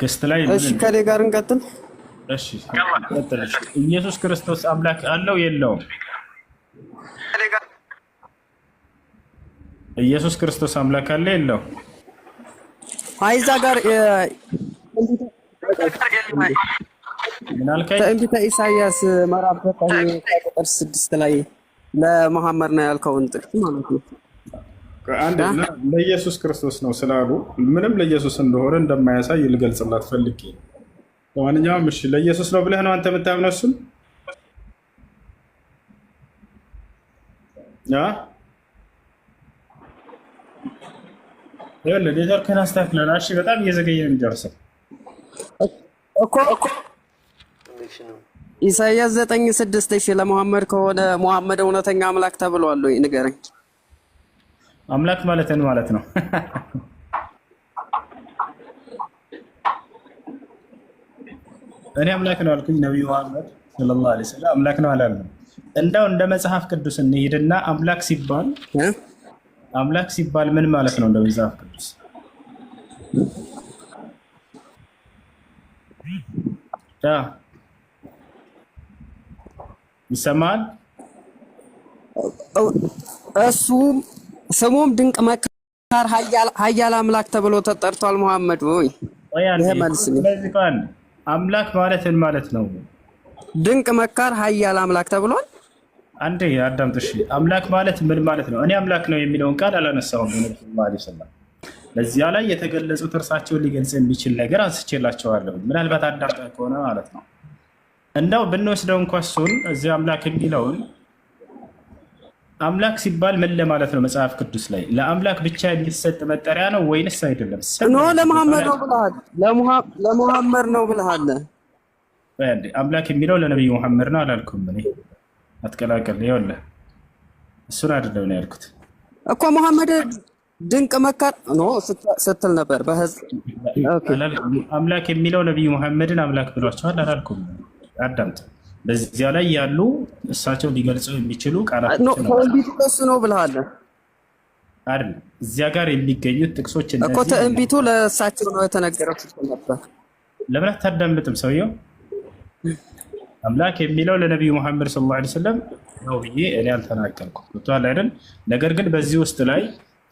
ገስት ላይ እሺ፣ ከሌ ጋር እንቀጥል። እሺ፣ ኢየሱስ ክርስቶስ አምላክ አለው የለውም? ኢየሱስ ክርስቶስ አምላክ አለ የለው? አይዛ ጋር ትንቢተ ኢሳያስ ምዕራፍ ዘጠኝ ቁጥር ስድስት ላይ ለመሐመድ ነው ያልከውን ጥቅስ ማለት ነው ለኢየሱስ ክርስቶስ ነው ስላሉ ምንም ለኢየሱስ እንደሆነ እንደማያሳይ ልገልጽላት ፈልጌ። ለማንኛውም እሺ፣ ለኢየሱስ ነው ብለህ ነው አንተ የምታምነው? እሱን ኔትወርክህን አስተካክለን። እሺ፣ በጣም እየዘገየ የሚደርሰው እኮ ኢሳያስ ዘጠኝ ስድስት ሺህ ለመሐመድ ከሆነ መሐመድ እውነተኛ አምላክ ተብሏል ወይ ንገረኝ። አምላክ ማለት ነው ማለት ነው። እኔ አምላክ ነው አልኩኝ። ነቢዩ መሐመድ ሰለላሁ ዐለይሂ ወሰለም አምላክ ነው አላልንም። እንደው እንደ መጽሐፍ ቅዱስ እንሄድና አምላክ ሲባል አምላክ ሲባል ምን ማለት ነው? እንደ መጽሐፍ ቅዱስ ይሰማል እሱም ስሙም ድንቅ መካር ኃያል አምላክ ተብሎ ተጠርቷል። መሐመድ ወይ አምላክ ማለትን ማለት ነው። ድንቅ መካር ኃያል አምላክ ተብሏል። አንዴ አዳምጥሽ። አምላክ ማለት ምን ማለት ነው? እኔ አምላክ ነው የሚለውን ቃል አላነሳሁም። በዚያ ላይ የተገለጹት እርሳቸውን ሊገልጽ የሚችል ነገር አንስቼላቸዋለሁ። ምናልባት አዳምጣ ከሆነ ማለት ነው። እንደው ብንወስደው እንኳ እሱን እዚህ አምላክ የሚለውን አምላክ ሲባል ምን ለማለት ነው? መጽሐፍ ቅዱስ ላይ ለአምላክ ብቻ የሚሰጥ መጠሪያ ነው ወይንስ አይደለም? ኖ ለመሐመድ ነው ብለሃል። ለመሐመድ ነው ብለሃል። አምላክ የሚለው ለነቢዩ መሐመድ ነው አላልኩም። እኔ አትቀላቀል። ይኸውልህ እሱን አይደለም ነው ያልኩት እኮ መሐመድ ድንቅ መካር ኖ ስትል ነበር። አምላክ የሚለው ነቢዩ መሐመድን አምላክ ብሏቸዋል አላልኩም። አዳምጥ። በዚያ ላይ ያሉ እሳቸው ሊገልጸው የሚችሉ ቃላት ከእንቢቱ ነው ብለሃል አይደል? እዚያ ጋር የሚገኙት ጥቅሶች እኮ ትንቢቱ ለእሳቸው ነው የተነገረው ነበር። ለምን አታዳምጥም? ሰውየው አምላክ የሚለው ለነቢዩ መሐመድ ስለ ላ ስለም ነው ብዬ እኔ አልተናገርኩም። ብቷል አይደል? ነገር ግን በዚህ ውስጥ ላይ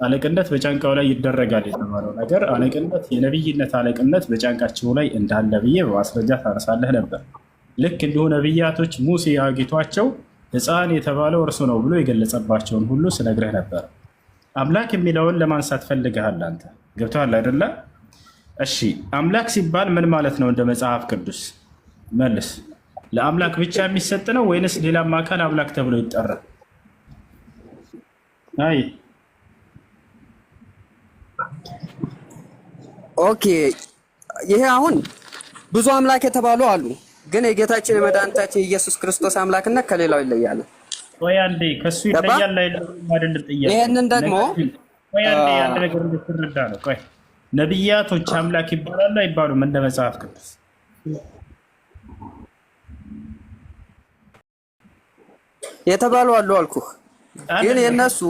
አለቅነት በጫንቃው ላይ ይደረጋል የተባለው ነገር አለቅነት የነቢይነት አለቅነት በጫንቃቸው ላይ እንዳለ ብዬ በማስረጃ ታነሳለህ ነበር። ልክ እንዲሁ ነቢያቶች ሙሴ አግኝቷቸው ሕፃን የተባለው እርሱ ነው ብሎ የገለጸባቸውን ሁሉ ስነግርህ ነበር። አምላክ የሚለውን ለማንሳት ፈልግሃል። አንተ ገብተሃል አይደለ? እሺ፣ አምላክ ሲባል ምን ማለት ነው? እንደ መጽሐፍ ቅዱስ መልስ። ለአምላክ ብቻ የሚሰጥ ነው ወይንስ ሌላም አካል አምላክ ተብሎ ይጠራል? አይ ኦኬ። ይሄ አሁን ብዙ አምላክ የተባሉ አሉ ግን የጌታችን የመድኃኒታችን የኢየሱስ ክርስቶስ አምላክነት ከሌላው ይለያል ይህንን ደግሞ ነቢያቶች አምላክ ይባላሉ አይባሉም? እንደ መጽሐፍ ቅዱስ የተባሉ አሉ አልኩህ። ግን የእነሱ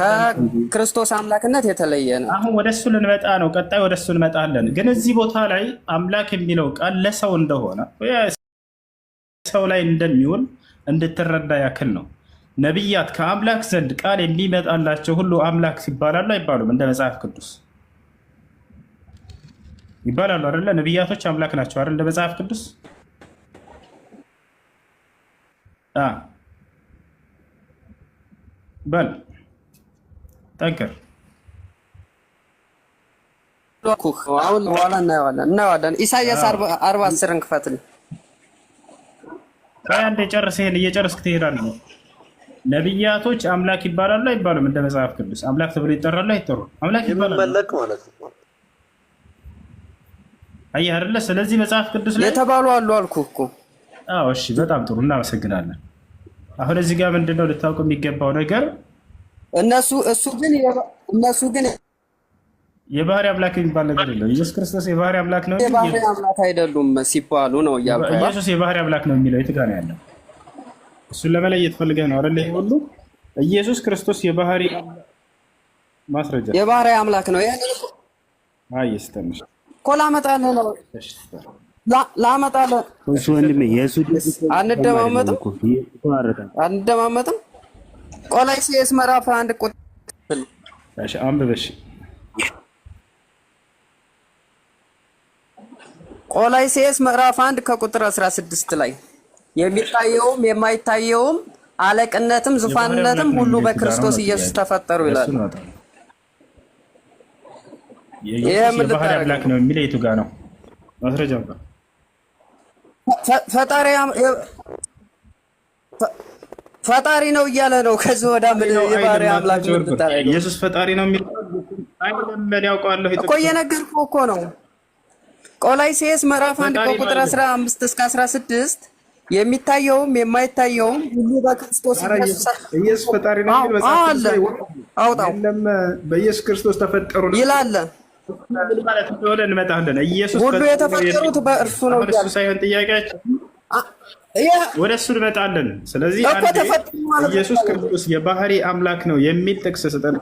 ከክርስቶስ አምላክነት የተለየ ነው። አሁን ወደ እሱ ልንመጣ ነው። ቀጣይ ወደ እሱ እንመጣለን። ግን እዚህ ቦታ ላይ አምላክ የሚለው ቃል ለሰው እንደሆነ ሰው ላይ እንደሚውል እንድትረዳ ያክል ነው። ነቢያት ከአምላክ ዘንድ ቃል የሚመጣላቸው ሁሉ አምላክ ይባላሉ አይባሉም? እንደ መጽሐፍ ቅዱስ ይባላሉ አይደለ? ነቢያቶች አምላክ ናቸው አይደል? እንደ መጽሐፍ ቅዱስ በል ጠንክር። አሁን በኋላ እናየዋለን እናየዋለን። ኢሳያስ አርባ አስርን ክፈትልኝ። አንድ ይሄን እየጨርስክ ትሄዳለህ። ነቢያቶች አምላክ ይባላሉ አይባሉም? እንደ መጽሐፍ ቅዱስ አምላክ ተብሎ ይጠራሉ አይጠሩ? አምላክ ይባላሉ አየህ አይደለ? ስለዚህ መጽሐፍ ቅዱስ ላይ የተባሉ አሉ አልኩህ እኮ። አዎ እሺ፣ በጣም ጥሩ እናመሰግናለን። አሁን እዚህ ጋር ምንድነው ልታውቁ የሚገባው ነገር እነሱ እሱ ግን እነሱ ግን የባህሪ አምላክ የሚባል ነገር የለው። ኢየሱስ ክርስቶስ የባህሪ አምላክ ነው። የባህሪ አምላክ አይደሉም ሲባሉ ነው። ኢየሱስ የባህሪ አምላክ ነው የሚለው የት ጋር ነው ያለው? እሱን ለመለየት ፈልገህ ነው አይደለ? ሁሉ ኢየሱስ ክርስቶስ የባህሪ ማስረጃ የባህሪ አምላክ ነው። ይህን ኮላ መጣል ነው ላመጣልህ እሱ ወንድሜ የእሱ አንደማመጥም አንደማመጥም። ምዕራፍ አንድ ቁጥር አንብበሽ። ምዕራፍ አንድ ከቁጥር 16 ላይ የሚታየውም የማይታየውም አለቅነትም ዙፋንነትም ሁሉ በክርስቶስ ኢየሱስ ተፈጠሩ ይላል። ይሄ የባህሪ አምላክ ነው የሚለው የቱ ጋ ነው? ማስረጃው ጋር ፈጣሪ ነው እያለ ነው። ከዚህ ወዳ ምን የባሪያ አምላክ ኢየሱስ ፈጣሪ ነው የሚለው እኮ እየነገርኩህ እኮ ነው። ቆላይሴስ ምዕራፍ አንድ ከቁጥር አምስት እስከ አስራ ስድስት የሚታየውም የማይታየውም ሁሉ በክርስቶስ ኢየሱስ ፈጣሪ ነው የሚል አለ። አውጣው በኢየሱስ ክርስቶስ ተፈጠሩ ይላል። ምን ማለት እንደሆነ እንመጣለን። ኢየሱስ ሁሉ የተፈጠሩት በእርሱ ነው። እሱ ሳይሆን ጥያቄያችን ወደ እሱ እንመጣለን። ስለዚህ ኢየሱስ ክርስቶስ የባህሪ አምላክ ነው የሚል ጥቅስ ስጠን።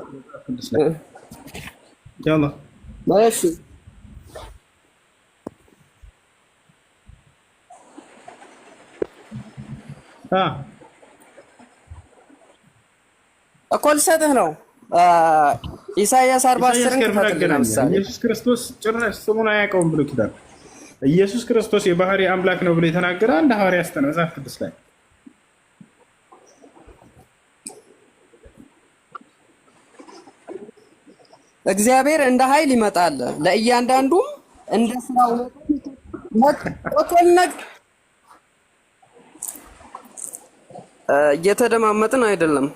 እኮ ልሰጥህ ነው ኢሳያስ አርባ አስርን ኢየሱስ ክርስቶስ ጭራሽ ስሙን አያውቀውም ብሎ ኪዳል ኢየሱስ ክርስቶስ የባህሪ አምላክ ነው ብሎ የተናገረ አንድ ሐዋርያ ስጠን መጽሐፍ ቅዱስ ላይ እግዚአብሔር እንደ ኃይል ይመጣል ለእያንዳንዱም እንደ ስራው ወተነቅ እየተደማመጥን አይደለም።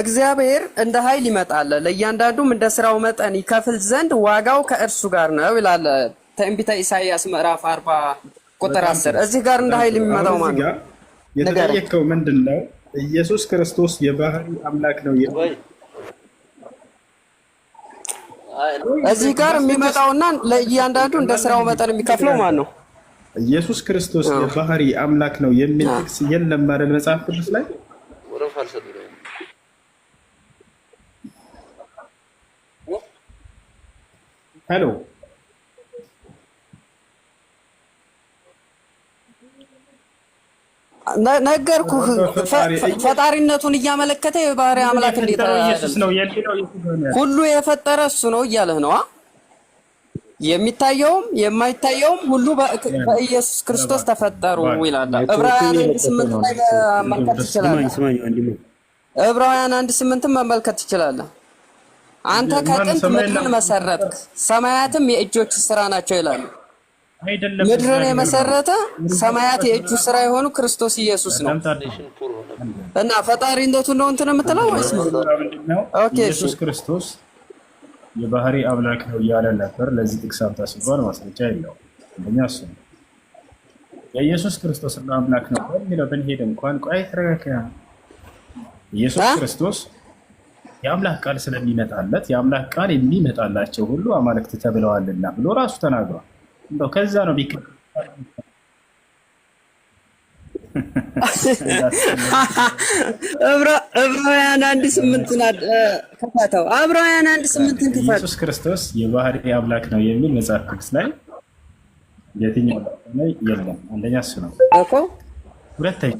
እግዚአብሔር እንደ ኃይል ይመጣል፣ ለእያንዳንዱም እንደ ስራው መጠን ይከፍል ዘንድ ዋጋው ከእርሱ ጋር ነው ይላል ትንቢተ ኢሳይያስ ምዕራፍ አርባ ቁጥር አስር እዚህ ጋር እንደ ኃይል የሚመጣው ማለት ነው። የተጠየቀው ምንድን ነው? ኢየሱስ ክርስቶስ የባህሪ አምላክ ነው። እዚህ ጋር የሚመጣውና ለእያንዳንዱ እንደ ስራው መጠን የሚከፍለው ማን ነው? ኢየሱስ ክርስቶስ የባህሪ አምላክ ነው የሚል ጥቅስ የለም አይደል መጽሐፍ ቅዱስ ላይ ሄሎ ነገርኩህ። ፈጣሪነቱን እያመለከተ የባህሪ አምላክ እንዴት ሁሉ የፈጠረ እሱ ነው እያለህ ነው። የሚታየውም የማይታየውም ሁሉ በኢየሱስ ክርስቶስ ተፈጠሩ ይላል። ዕብራውያን አንድ ስምንት ላይ መመልከት ትችላለህ። ዕብራውያን አንድ ስምንትም መመልከት ትችላለህ። አንተ ከጥንት ምድርን መሰረትክ ሰማያትም የእጆች ስራ ናቸው ይላሉ። ምድርን የመሰረተ ሰማያት የእጁ ስራ የሆኑ ክርስቶስ ኢየሱስ ነው። እና ፈጣሪ እንደቱ ነው እንትን የምትለው ወይስ ኢየሱስ ክርስቶስ የባህሪ አምላክ ነው እያለ ነበር። ለዚህ ጥቅስ አምጣ ሲባል ማስረጃ የለውም። እንደኛ እሱ ነው የኢየሱስ ክርስቶስ አምላክ ነው የሚለው ብንሄድ እንኳን ቆይ ተረጋጋ። ኢየሱስ ክርስቶስ የአምላክ ቃል ስለሚመጣለት የአምላክ ቃል የሚመጣላቸው ሁሉ አማልክት ተብለዋልና ብሎ ራሱ ተናግሯል። እንደው ከዛ ነው ቢቀ ዕብራውያን አንድ ስምንትን ከፋተው ዕብራውያን አንድ ስምንትን ከፋተው ኢየሱስ ክርስቶስ የባህሪ አምላክ ነው የሚል መጽሐፍ ቅዱስ ላይ የትኛው ላይ የለም። አንደኛ እሱ ነው። ሁለተኛ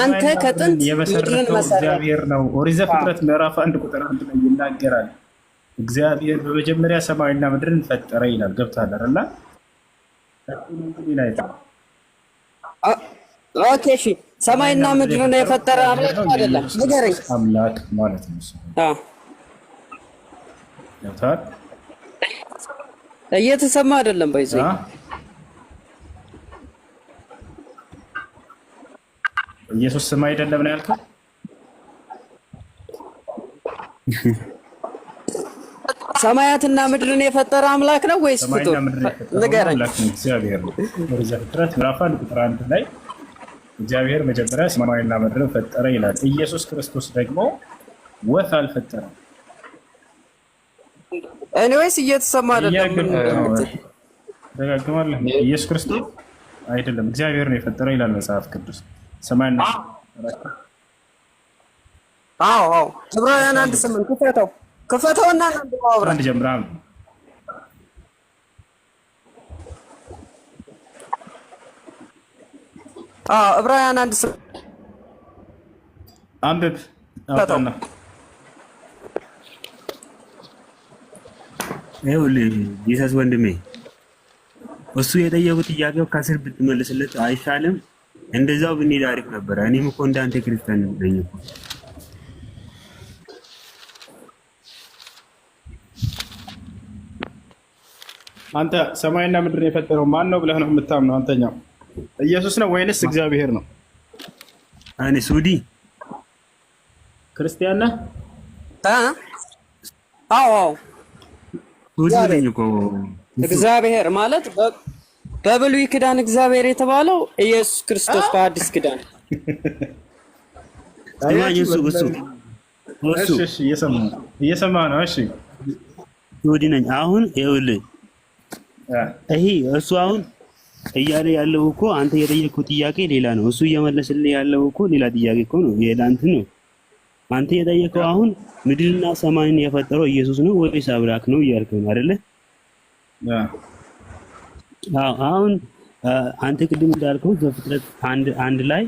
አንተ ከጥንት የመሰረተው እግዚአብሔር ነው። ኦሪት ዘፍጥረት ምዕራፍ አንድ ቁጥር አንድ ላይ ይናገራል። እግዚአብሔር በመጀመሪያ ሰማይና ምድርን ፈጠረ ይላል። ገብቷል አይደል? ኦኬ እሺ። ሰማይና ምድርን የፈጠረ አይደለም ንገረኝ። አምላክ ማለት ነው። ገብቷል። እየተሰማ አይደለም ባይዘ ኢየሱስ ስም አይደለም ነው ያልከው? ሰማያትና ምድርን የፈጠረ አምላክ ነው ወይስ ፍጡር? ንገረኝ። ምዕራፍ አንድ ቁጥር አንድ ላይ እግዚአብሔር መጀመሪያ ሰማያንና ምድርን ፈጠረ ይላል። ኢየሱስ ክርስቶስ ደግሞ ወፍ አልፈጠረም። እኔ እየተሰማ አይደለም? ደጋግማለሁ። ኢየሱስ ክርስቶስ አይደለም እግዚአብሔር ነው የፈጠረ ይላል መጽሐፍ ቅዱስ ነው። አዎ አዎ ዕብራውያን አንድ ስምንት ክፈተው ክፈተውና አንብበው አንድ ጀምራም አዎ ዕብራውያን አንድ ስምንት አንብብ አውጣና ይኸውልህ ጂሰስ ወንድሜ እሱ የጠየቁት ጥያቄው ከስር ብትመልስለት አይሻልም? እንደዛው ብንሄድ አሪፍ ነበረ። እኔም እኮ እንዳንተ ክርስቲያን ነኝ እኮ አንተ ሰማይና ምድርን የፈጠረው ማን ነው ብለህ ነው የምታምነው? አንተኛው ኢየሱስ ነው ወይንስ እግዚአብሔር ነው? እኔ ሱዲ ክርስቲያን ነህ? አዎ ሱዲ ነኝ እኮ እግዚአብሔር ማለት በብሉይ ክዳን እግዚአብሔር የተባለው ኢየሱስ ክርስቶስ በአዲስ ክዳን እየሰማ ነው። እሺ ይሁዲ ነኝ አሁን ይኸውልህ፣ ይሄ እሱ አሁን እያለ ያለው እኮ አንተ የጠየቅኩት ጥያቄ ሌላ ነው። እሱ እየመለስልህ ያለው እኮ ሌላ ጥያቄ እኮ ነው፣ ሌላ እንትን ነው። አንተ የጠየቀው አሁን ምድርና ሰማይን የፈጠረው ኢየሱስ ነው ወይስ አብራክ ነው እያልከው ነው አይደለ? አሁን አንተ ቅድም እንዳልከው ዘፍጥረት አንድ ላይ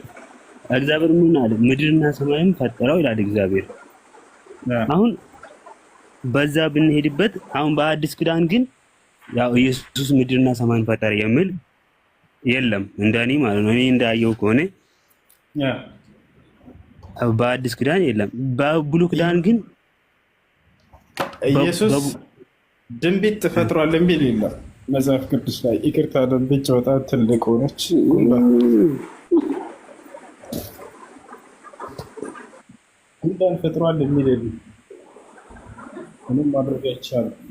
እግዚአብሔር ምን አለ? ምድርና ሰማይም ፈጠረው ይላል እግዚአብሔር። አሁን በዛ ብንሄድበት፣ አሁን በአዲስ ኪዳን ግን ያው ኢየሱስ ምድርና ሰማይን ፈጠረ የሚል የለም፣ እንደኔ ማለት ነው። እኔ እንዳየው ከሆነ በአዲስ ኪዳን የለም። በብሉ ኪዳን ግን ኢየሱስ ድንቢጥ ፈጥሯል የሚል የለም። መጽሐፍ ቅዱስ ላይ ይቅርታ ደንብጭ በጣም ትልቅ ሆነች። ጉንዳን ፈጥሯል የሚል ምንም ማድረግ አይቻልም።